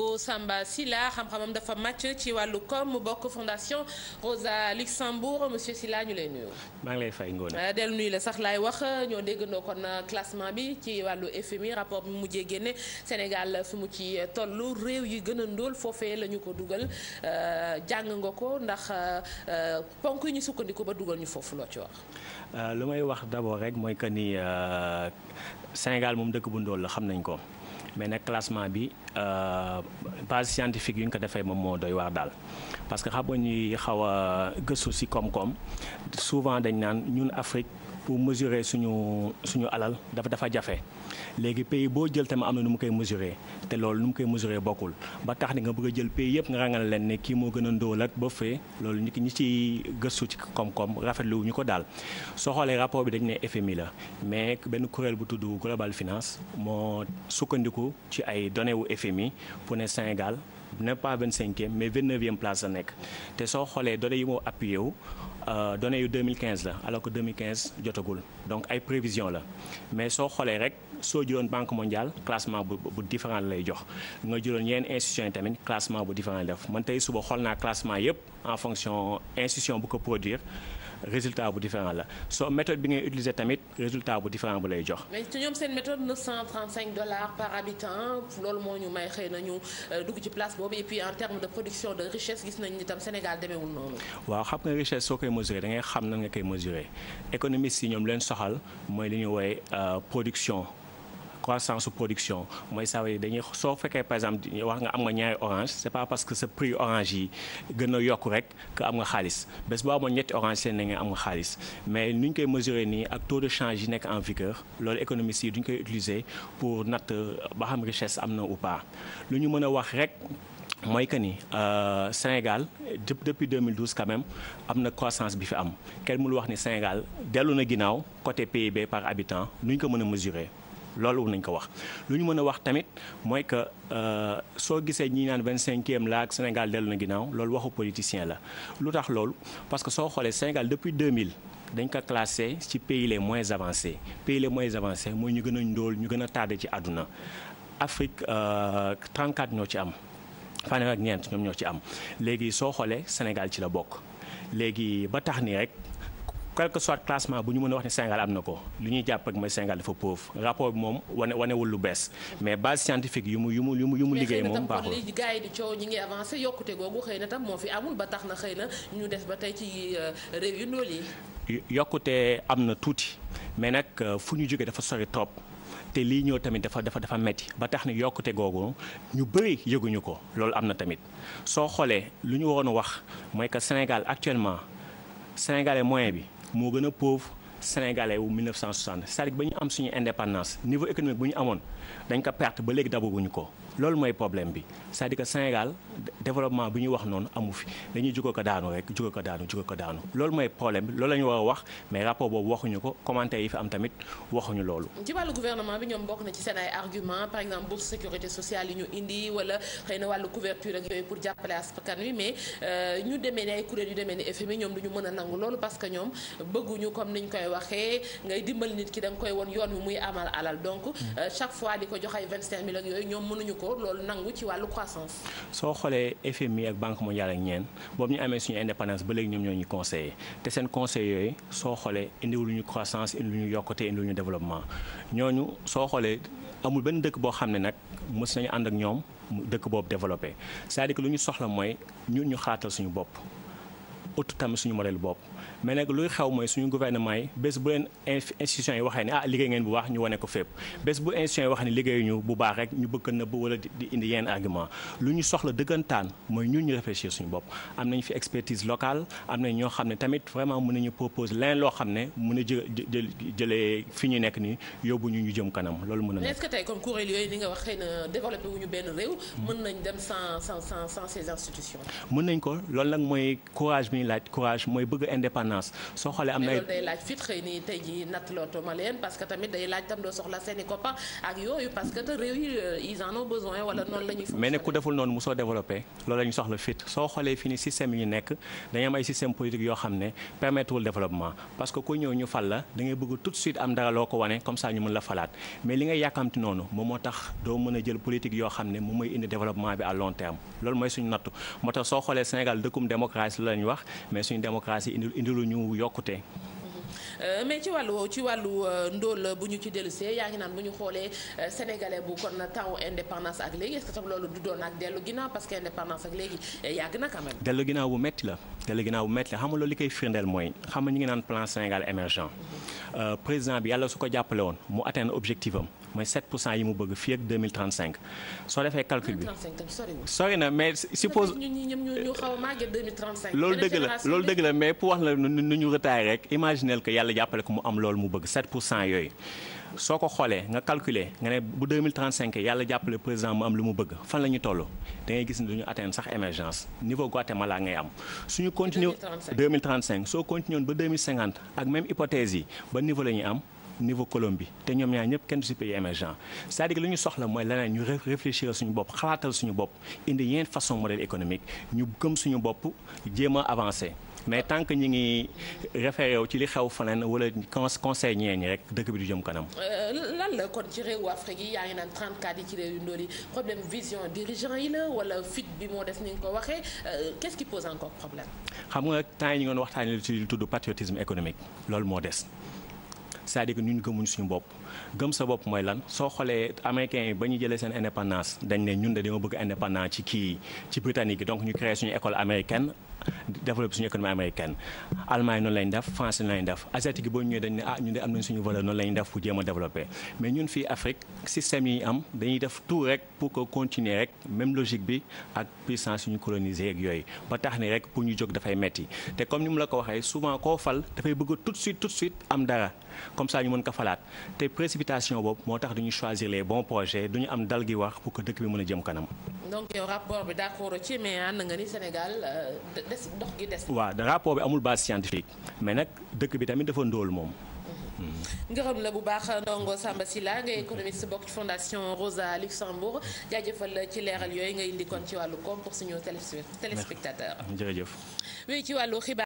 boo Samba Sylla xam-xamam dafa màcc ci wàllu koom mu bokk fondation Rosa Luxembourg monsieur Sylla ñu lay nuyu. maa ngi lay fay ngoone. Euh, dellu nuyu la sax laay wax ñoo déggandoo kon euh, classement bi ci wàllu FMI rapport bi mu mujjee génne Sénégal euh, fi mu ci tollu réew yi gën a ndóol foofee la ñu ko dugal jàng nga ko ndax ponk yi ñu sukkandiku ba dugal ñu foofu loo ci wax. lu may wax d'abord rek mooy que ni Sénégal moom dëkk bu ndóol la xam nañ ko. mais nag classement bi euh, base scientifique yu ñu ko defee moom moo doy waar daal parce que xam nga ñuy xaw a gëstu si koom-koom souvent dañ naan ñun Afrique. pour mesurer suñu suñu alal dafa dafa jafe léegi pays boo jël tamit am na nu mu koy mesurer te loolu nu mu koy mesurer bokkul ba tax ni nga bëgg a jël pays yëpp nga ràngale leen ne kii moo gën a ndóolat ba fee loolu ñu ñi ci gëstu ci koom-koom rafetlu wu ñu ko daal soo xoolee rapport bi dañ ne FMI la mais benn kuréel bu tudd Global Finance moo sukkandiku ci ay données wu FMI pour ne Sénégal ne pas vingt-cinquième mais vingt-neuvième place la nekk te soo xoolee données yi moo appuyé wu Euh, données yu 2015 la alors que 2015 jotagul donc ay prévision la mais soo xoolee rek soo jëloon banque mondiale classement bu bu différent lay jox nga jëloon yenn institutions yi tamit classement bu différent lay def man tey suba xool naa classement yëpp en fonction institution bu ko produire résultat bu différent la soo méthode bi ngay utiliser tamit résultat bu différent bu lay jox. mais ci ñoom seen méthode 935 dollars par habitant loolu moo ñu may xëy na ñu euh, dugg ci place boobu et puis en terme de production de richesse gis nañ ni tam Sénégal demeewul noonu. waaw xam nga richesse soo koy mesurer da ngay xam nan nga koy mesurer économiste yi ñoom leen soxal mooy li ñuy woowee euh, production. croissance su production mooy ça veut soo fekkee par exemple wax nga am nga ñaari orange c'est pas parce que sa prix orange yi gën a yokk rek que am nga xaalis bés boo amoon ñetti orange seen na nga am nga xaalis mais ni ñu koy mesurer nii ak taux de change yi nekk en vigueur loolu économistes yi duñ koy utiliser pour natt euh, ba xam richesse am na ou pas lu ñu mën a wax rek mooy que ni euh, Sénégal depuis 2012 quand même am na croissance bi fi am kenn mënul wax ni Sénégal dellu na ginnaaw côté PIB par habitant nu ñu ko mën a mesurer loolu nañ ko wax lu ñu mën a wax tamit mooy que euh, soo gisee ñi naan vingt-cinquième la ak Sénégal dellu na ginnaaw loolu waxu politicien la lu tax loolu parce que soo xoolee Sénégal depuis 2000 dañ ko classé ci pays les moins avancés pays les moins avancés mooy ñu gën a ndóol ñu gën a tardé ci àdduna Afrique 34 euh, ñoo ci am fanweer ak ñeent ñoom ñoo ci am léegi soo xoolee Sénégal ci la bokk léegi ba tax ni rek quel que soit classement bu ñu mën a wax ne Sénégal am na ko li ñuy jàpp rek mooy Sénégal dafa pauvre rapport bi moom wane wanewul lu bees mais base scientifique yu mu yu mu yu mu yu liggéey moom baaxul li gars yi di coow ñi ngi na tam moo fi ba tax na xëy na ñu des ba tey ci réew yu ndóol yi yokkute am na tuuti mais nag euh, fu ñu jógee dafa sori trop te lii ñëw tamit dafa dafa dafa metti ba tax ni yokkute googu ñu bëri yëguñu ko loolu am na tamit soo xoolee lu ñu waroon wax mooy que Sénégal actuellement sénégalais moyen bi moo gën a pauvre sénégalais wu 1960 cest à ba ñu am suñu indépendance niveau économique bu ñu amoon dañ ko perte ba léegi dabaguñu ko. loolu mooy problème bi c'est-à-dire que Sénégal développement bi ñu wax noonu amu fi dañuy jugo ko daanu rek jugo ko daanu jugo ko daanu loolu mooy problème bi loolu la ñu a wax mais rapport boobu waxuñu ko commentaire yi fi am tamit waxuñu loolu. ci wàllu gouvernement bi ñoom bokk na ci seen ay argument par exemple bourse sécurité sociale yi ñu indi wala xëy na wàllu couverture ak yooyu pour jàppale askan wi mais euh, ñu demee ne ay kuréel ñu mën a nangu loolu ki da nga koy won ko loolu ci wàllu croissance. soo xoolee FMI ak banque mondiale ak ñeen boobu ñu amee suñu indépendance ba léegi ñoom ñoo ñu te seen conseil yooyu soo xoolee indiwuñu croissance indiwuñu yokkute indiwuñu développement ñooñu soo xoolee amul benn dëkk boo xam ne nag mës nañu ànd ak ñoom dëkk boobu développé cest à lu ñu soxla mooy ñun ñu xaatal suñu bopp. ut tamit suñu modèle bopp mais nag luy xew mooy suñu gouvernement yi bés bu leen institution yi waxee ni ah liggéey ngeen bu baax ñu wane ko fépp bés bu institution yi waxee ni liggéeyuñu bu baax rek ñu bëgg na bu wala di indi yenn argument lu ñu soxla dëggantaan mooy ñun ñu réfléchir suñu bopp am nañ fi expertise locale am nañ ñoo xam ne tamit vraiment nañu proposer leneen loo xam ne mën a jël fi ñu nekk nii yóbbu ñu ñu jëm kanam loolu mën na nekk. laaj euh, ku deful noonu mosoo développé loolu la soxla fit soo xoolee fi ni système yi nekk dañu ay système politique yoo xam ne permettre développement parce que ku ñëw ñu fal la da bëgg tout suite am dara loo ko wane comme ça ñu mën la falaat mais li nga yàkkamti noonu moo tax doo mën a jël politique yoo xam ne moom mooy indi développement bi à long terme loolu mooy suñu nattu moo tax soo xoolee Sénégal dëkkum démocratie la ñu wax mais suñu démocratie indi lu ñu yokkute. Euh, mais ci wàllu ci wàllu euh, ndóol bu ñu ci dellusee yaa ngi naan bu ñu xoolee euh, sénégalais bu kon temps indépendance ak léegi est-ce loolu du doon ak dellu ginnaaw parce que indépendance ak léegi yàgg na quand dellu ginnaaw bu métti la dellu ginnaaw bu métti la xam nga loolu li koy firndeel mooy xam nga ñu ngi naan plan Sénégal émergent mm-hmm. président bi yàlla su ko jàppale woon mu atteindre objectif am mooy 7 pour cent yi mu bëgg fii ak 2035 soo defee calcul bi. 2035 na mais suppose loolu dëgg la loolu dëgg la mais pour wax la nu ñu retardé rek imaginel que yàlla jàppale ko mu am loolu mu bëgg 7 pour cent yooyu. soo ko xoolee nga calculer nga ne bu 2035 yàlla jàppale président mu am lu mu bëgg fan la ñu toll da gis ne du ñu atteindre sax émergence niveau malaa ngay am suñu continuer 2035 soo continuer ba 2050 ak même hypothèse yi ba niveau la ñuy am niveau Colombie te ñoom ñaar ñëpp kenn du si pays émergent c'est-à-dire que li ñu soxla mooy leneen ñu réfléchir suñu bopp xalaatal suñu bopp indi yeneen façon modèle économique ñu gëm suñu bopp jéem a avancer mais tant que ñu ngi référé ci li xew feneen wala conseil ñee ñi rek dëkk bi du jëm kanam. Euh, lan la kon ci réewu Afrique yi yaa ngi naan 34 yi ci réew yu ndóol yi problème vision dirigeant yi la wala fit bi moo des ni nga ko waxee euh, quest qui pose encore nga temps yi ñu ngi doon waxtaanee ci li loolu moo des. c'est-à-dire que ñun gëmuñu suñu bopp gëm sa bopp mooy lan soo xoolee américains ba ñu jëlee seen indépendance dañ ne ñun de dañoo bëgg indépendance ci kii ci britannique yi donc ñu créé suñu école américaine développer suñu économie américaine Allemagne noonu lañ def France noonu lañ def asiatique yi boo ñëwee dañ ne ah, ñu de am nañ suñu valeur noonu lañ def pour jéem a mais ñun fii Afrique système yi am dañuy def tout rek pour continuer rek tax ni rek pour ñu jóg dafay metti te comme ni mu la ko waxee souvent koo fal dafay bëgg tout de suite tout de suite am dara comme ça ñu mën ko falaat te précipitation boobu moo tax duñu choisir les bons projets duñu am dal gi wax pour que dëkk bi mën a jëm kanam. des dox gi des. waaw rapport bi amul base scientifique mais nag dëkk bi tamit dafa ndóol moom. Mm-hmm. ngërëm la bu baax ndongo Samba Sylla ngay économiste bokk ci fondation Rosa Luxembourg la ci leeral yooyu nga indi kon ci wàllu koom pour suñu téléspectateur jërëjëf oui ci wàllu xibaar